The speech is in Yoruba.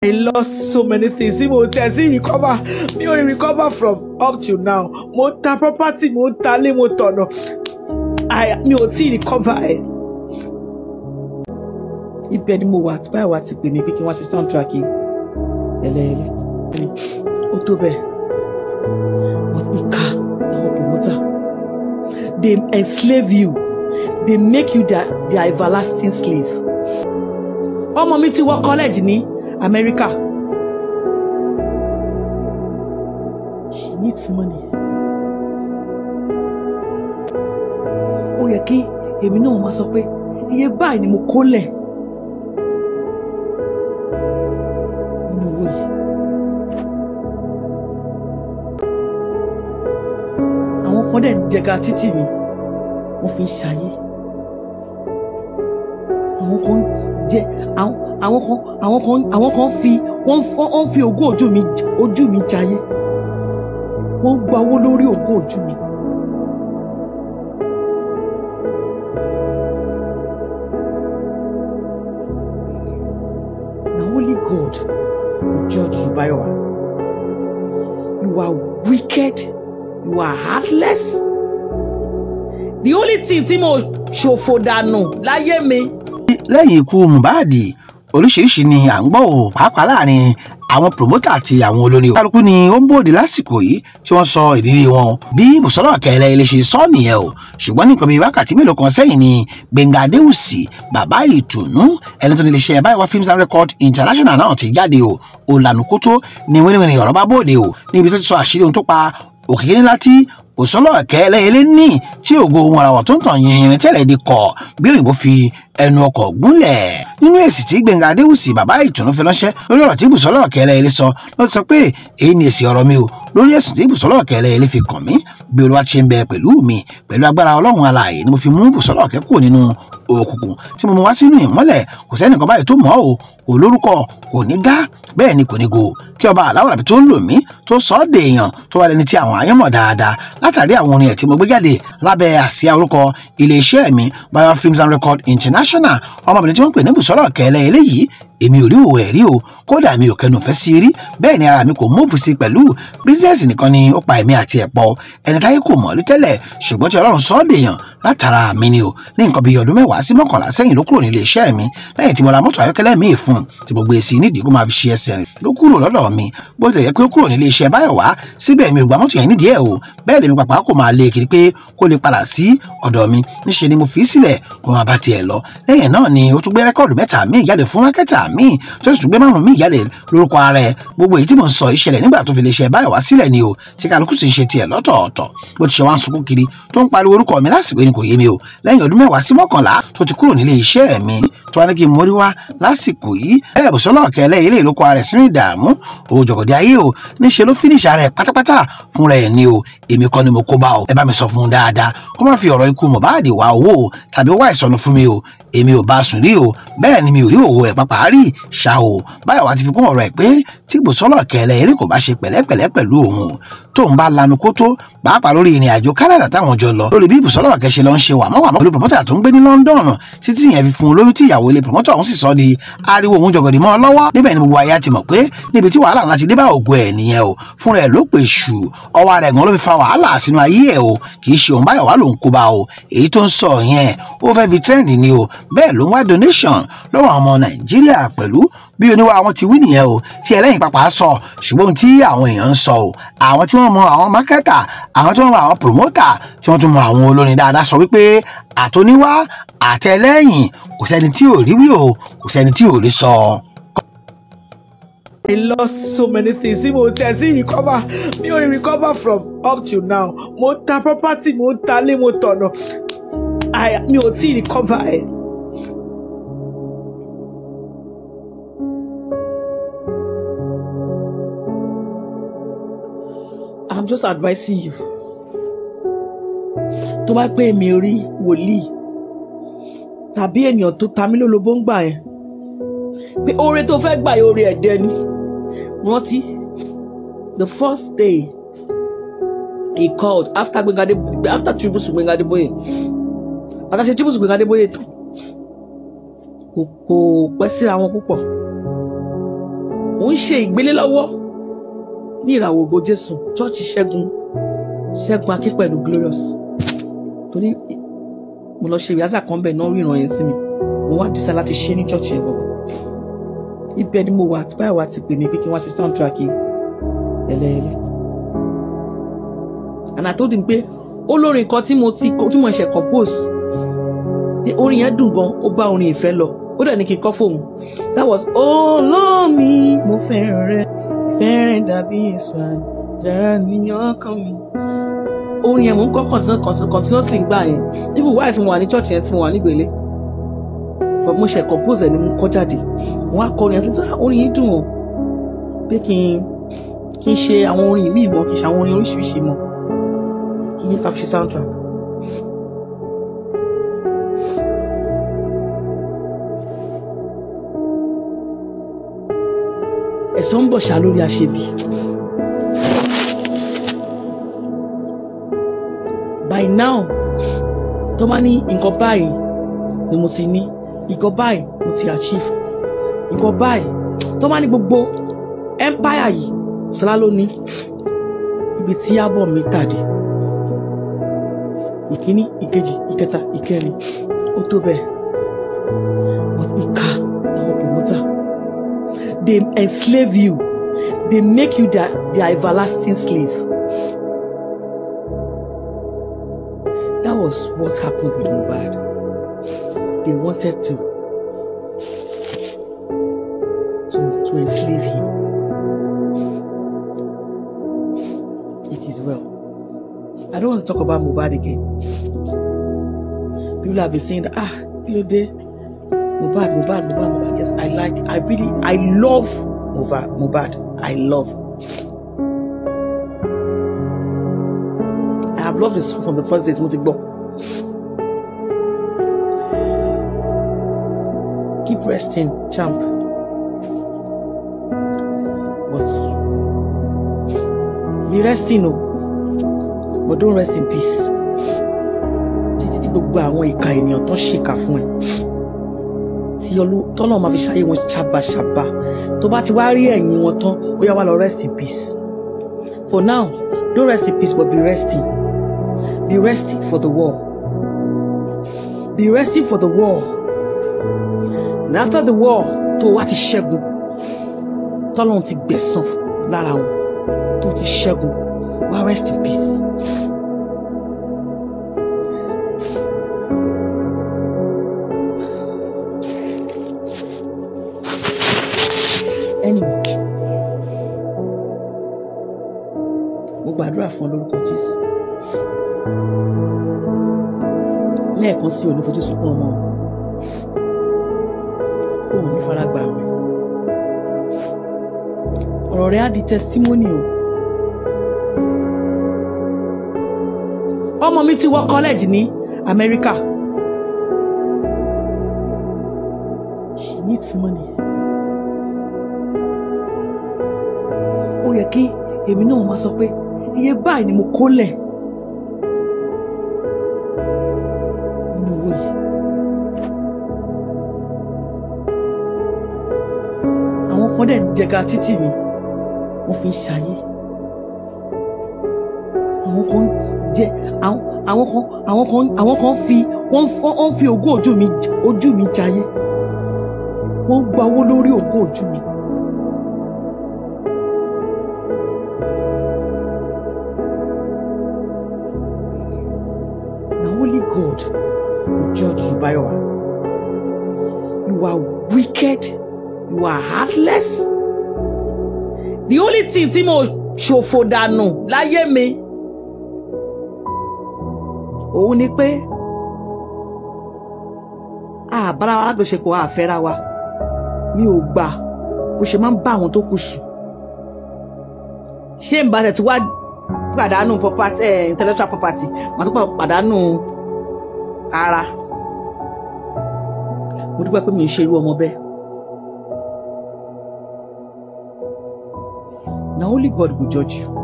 I lost so many things tí mo tẹ̀ recover mi ò recover from up to now mo ta property mo ta lé mo tọ̀nà mi ò tí recover ẹ̀. ibẹ̀ ni mo wà tí báyìí pay ti pè mí pé kí wọ́n ṣe soundtrack The ẹlẹ́yìn ó tó bẹ́ẹ̀ they enslave you they make you their, their everlasting slave. ọmọ mi ti wọ college ní. America. She needs money. Ó yẹ kí èmi náà máa sọ pé iye báyìí ni mo kó lẹ̀. Nínú owó yìí. Àwọn kan dẹ̀ ń jẹga títì mi. Wọ́n fi ń ṣayé. Àwọn kan jẹ àwọn kan àwọn kan àwọn kan fi wọ́n fi ogún ojú mi ojú mi jayé wọ́n gba owó lórí ogún ojú mi. Na only God will judge you by your you are wicked you are heartless the only thing tí mo ṣòfò dànù láyé mi lẹ́yìn ikú Mohbad oríṣiríṣi ni à ń gbọ́ ò pàápàá láàrin àwọn promoter àti àwọn olórin o. kálukú ni ó ń bòde lásìkò yìí tí wọ́n sọ ìrírí wọn bí Bùsọ́lá Ọ̀kẹ́rẹ́ ilé ṣe sọ nìyẹn o ṣùgbọ́n ní nǹkan bíi wákàtí mélòó kan sẹ́yìn ni Gbẹ̀ngà Adéwùsì bàbá ìtùnú ẹni tó ní iléeṣẹ́ báyìí wá films and record international náà ti jáde o Ọ̀lànà Kótó ni wíníwíní ọ̀rọ̀ bá bòde o níbi tó ti sọ àṣírí ohun tó pa òkìkí ńlá tí òsọlọ́ọ̀kẹ́ ẹlẹ́yẹlé ní tí ògo wọn ara wọn tó ń tàn yìnyín tẹ́lẹ̀ di kọ̀ bí òyìnbó fi ẹnu ọkọ̀ gúnlẹ̀ nínú èsì tí Gbẹ́ngà Adéwùsì bàbá ìtùnú fi ránṣẹ́ lórí ọ̀rọ̀ tí Bùsọ́lọ́ọ̀kẹ́ ẹlẹ́yẹlé sọ ló ti sọ pé èyí ni èsì ọ̀rọ̀ mi o lórí ẹ̀sùn tí Bùsọ́lọ́ọ̀kẹ́ ẹlẹ́yẹlé fi kàn mí bí Olúwa ṣe ń bẹ pẹ̀lú mi pẹ̀lú agbára Ọlọ́run alààyè ni mo fi mú Bùsọ́lọ́ọ̀kẹ́ kúrò nínú òkùnkùn tí mo mú wá sínú ìmọ́lẹ̀ kò sẹ́nìkan báyìí tó mọ̀ ọ́ kò lórúkọ kò ní gá bẹ́ẹ̀ ni kò ní go kí ọba aláwọ̀ àbí tó ń lò mí tó sọ ọ́ dèèyàn tó wà lẹ́ni tí àwọn ayé mọ̀ dáadáa látàrí àwọn orin ẹ̀ tí mo gbé jáde lábẹ́ àsíá orúkọ iléeṣẹ́ mi Bayo Films and Record International ọmọbìnrin tí wọ́n ń pè ní Bùsọ́lá Ọ̀kẹ́lẹ́ eléyìí èmi ò rí òwò ẹ̀ rí o kódà mi ò kẹnu fẹ́ sí rí bẹ́ẹ̀ ni ara mi kò múùfù sí pẹ̀lú bísíǹsì nìkan ni ó pa èmi àti ẹ̀ pọ̀ ẹni táyé kò mọ̀ rí tẹ́lẹ̀ ṣùgbọ́n tí Ọlọ́run sọ ọ́ dèèyàn látara mi ni o ní nǹkan bíi ọdún mẹ́wàá sí mọ́kànlá sẹ́yìn ló kúrò nílé iṣẹ́ mi lẹ́yìn tí mo ra mọ́tò ayọ́kẹ́lẹ́ mi fún un tí mo gbé e sí i nídìí kó máa fi ṣe ẹsẹ̀ rìn ló kúrò lọ́dọ̀ mi bó tilẹ̀ yẹ pé ó kúrò nílé iṣẹ́ báyọ̀ wá síbẹ̀ mi ò gba mọ́tò yẹn nídìí ẹ̀ o bẹ́ẹ̀ lèmi pàpà kò máa lé kiri pé kó lè padà sí ọ̀dọ̀ mi níṣẹ́ ni mo fi sílẹ̀ kó máa bá tiẹ̀ lọ lẹ́yìn náà ni ó tún gbé rẹ́kọ̀dù mẹ́ta míì jáde fún mákẹ́tà míì tó sì tún gbé márùn-ún míì jáde lórúkọ ara ẹ̀ gbogbo èyí tí mò ń sọ ìṣẹ̀lẹ̀ nígbà tó fi lè ṣe báyọ̀ wá sílẹ̀ ni o tí kálukú sì ń ṣe tiẹ̀ lọ́tọ̀ọ̀tọ̀ bó ti ṣe wá ń sunkún kiri tó ń pariwo orúkọ mi lásìkò kò yé mi o lẹ́yìn ọdún mẹ́wàá sí mọ́kànlá tó ti kúrò nílé iṣẹ́ mi tó wá ní kí n mórí wá lásìkò yìí ẹ bùsọ́lọ́ kẹlẹ́ ilé ìlú kọ ara ẹ̀ sínú ìdààmú òjòkòdì ayé o níṣẹ́ ló fínísà rẹ̀ pátápátá fúnra ẹ̀ ni o èmi kọ́ ni mo kó bá o ẹ bá mi sọ fún un dáadáa kó má fi ọ̀rọ̀ ikú Mohbad wá owó tàbí wá ìsọnù fún mi o èmi ò bá sùn rí o bẹ́ẹ̀ ni mi ò rí òwò ẹ̀ pàpà rí ṣá o báyọ̀ wá ti fi kún ọ̀rọ̀ ẹ̀ pé tí Bùsọ́lá kẹlẹ̀ eré kò bá ṣe pẹ̀lẹ́pẹ̀lẹ́ pẹ̀lú òun tóun bá lanu kótó pàápàá lórí ìrìn àjò Canada táwọn jọ lọ lórí bí Bùsọ́lá ọ̀kẹ́ ṣe lọ ń ṣe wàmọ́wàmọ́ pẹ̀lú promoter tó ń gbé ní London títí yẹn fi fún un lóyún tí ìyàwó ilé promoter ọ̀hún sì sọ di ariwo òun jọgọdì mọ́ ọ lọ́wọ́ níbẹ̀ ni gbogbo aya ti mọ̀ pé níbi tí wàhálà láti dé bá ògo ẹ̀ nìyẹn o fún rẹ̀ ló pè ṣù ọwọ́ rẹ̀ gan ló fi fa wàhálà sínú ayé ẹ̀ o kì í ṣe òun báyọ̀ wá lòun kó bá o èyí tó ń sọ yẹn ó fẹ́ fi trend ni o bẹ́ẹ̀ ló ń wá donation lọ́wọ́ ọmọ nàìjíríà pẹ̀lú bí oníwà àwọn ti wí nìyẹn o tí ẹlẹ́yìn pàpà sọ ṣùgbọ́n ohun tí àwọn èèyàn ń sọ o àwọn tí wọ́n mọ àwọn mákẹ́tà àwọn tí wọ́n mọ àwọn promoter tí wọ́n tún mọ àwọn olórin dáadáa sọ wípé àtòníwá àtẹlẹ́yìn kò sẹ́ni tí ò rí wí o kò sẹ́ni tí ò rí sọ. I lost so many things. Mo tẹ̀ sí recover. Mi ò recover from up till now. Mo ta property, mo ta lé, mo tọ̀nà. Mi ò tí recover ẹ̀. Eh. just advising you tó bá pé èmi rí wòlíì tàbí ènìyàn tó ta mí lólobó ń gbà yẹn pé oore tó fẹ́ gbà yẹn oore ẹ̀dẹ ni rántí the first day he called after Gbenga Adeboye after Tinubu sùn Gbenga Adeboye àtàṣe Tinubu sùn Gbenga Adeboye tán kò kò pẹ́ síra wọn púpọ̀ òun ṣe ìgbélé lọ́wọ́ ní ìràwọ̀ ògo jésù chọ́ọ̀chì ṣẹ́gun ṣẹ́gun akí pẹ̀lú glorious torí mo lọ ṣe ìyáza kan bẹ̀ náà ríran yẹn sí mi mo wá dísà láti ṣe ní chọ́ọ̀chì yẹn gbọ̀gbọ̀ ibẹ̀ ni mo wà àti báyìí wà ti pè mí pé kí wọ́n ṣe soundtrack ẹlẹ́ẹ̀lẹ́ and I told him pé olórin kan tí mo ti tí mo ṣe compose orin yẹn dùn gan ó bá orin ìfẹ́ lọ ó dẹ̀ ní kí n kọ́ fóun that was olómi mo fẹ́ràn rẹ fẹ́rẹ̀ dàbí èso àjàrà níyàn kàn mí. orin yẹn mò ń kọ́ kọ̀sán kọ̀sán continuously gbà yẹn even while tí mo wà ní church yẹn tí mo wà nígbèlé but mo ṣe compose ẹ̀ ni mo kọ́ jáde wọ́n á kọ orin yẹn tí ah, orin yìí dùn ọ́ pé kí n kí n ṣe àwọn orin míì mọ́ kí n ṣe àwọn orin oríṣiríṣi mọ́ kí n yí ká soundtrack. ẹ̀san ń bọ̀ ṣá lórí aṣebi. by now tó bá ní nǹkan báyìí ni mo ti ní nǹkan báyìí mo ti achieve nǹkan báyìí tó bá ní gbogbo empire yìí ṣọlá ló ní ibi tí yábọ̀ mi tàdé ìkíní ìkejì ìkẹta ìkẹrin ó tó bẹ́ẹ̀. they enslave you, they make you their, their everlasting slave. That was what happened with Mubad. They wanted to, to, to enslave him. It is well. I don't want to talk about Mubad again. People have been saying that, ah, you know, they Mubad, Mubad, Mubad, Mubad. Yes, I like, I really, I love Mubad, Mubad. I love. I have loved this from the first day. It's music. gbọ́. Keep resting, champ. But be resting no. but don't rest in peace. Títí tí gbogbo àwọn ìka ènìyàn tán ṣèkà fún ẹ tí Ọlọ́run máa fi ṣayé wọn ṣàbàṣàbà tó bá ti wá rí ẹ̀yìn wọn tán ó yá wá lọ rest in peace for now no rest in peace but be resting be resting for the war be resting for the war and after the war tó wá ti ṣẹ́gun tọ́lọ́run ti gbẹ̀san lára wọn tó ti ṣẹ́gun wá rest in peace. anyway mo gbàdúrà fún ọ lórúkọ Jésù lẹ́ẹ̀kan sí olùfojú sunkún ọmọ òun ní faragbà rẹ ọ̀rọ̀ rẹ á di testimony o ọmọ mi ti wọ college ní America she needs money. yẹ kí èmi náà máa sọ pé iye báyìí ni mo kó lẹ̀ àwọn kan dẹ̀ ń jẹga títì mi wọ́n fi ń ṣayé àwọn kan jẹ àwọn kan àwọn kan àwọn kan fi wọ́n fi ogún ojú mi jayé wọ́n gba owó lórí ogún ojú mi. You are wicked. You are heartless. The only thing tí mo ṣòfò dànù láyé mi òun ni pé àbára wa alájọṣepọ̀ àfẹ́ra wa mi ò gbà bó ṣe máa ń bá àwọn tó kù sùn ṣé n bá tẹ̀ tí wá pàdánù eh, intellectual property màá tó pàdánù ara mo dúpẹ́ pé mi ò ṣe irú ọmọ bẹ́ẹ̀. na only God go judge you.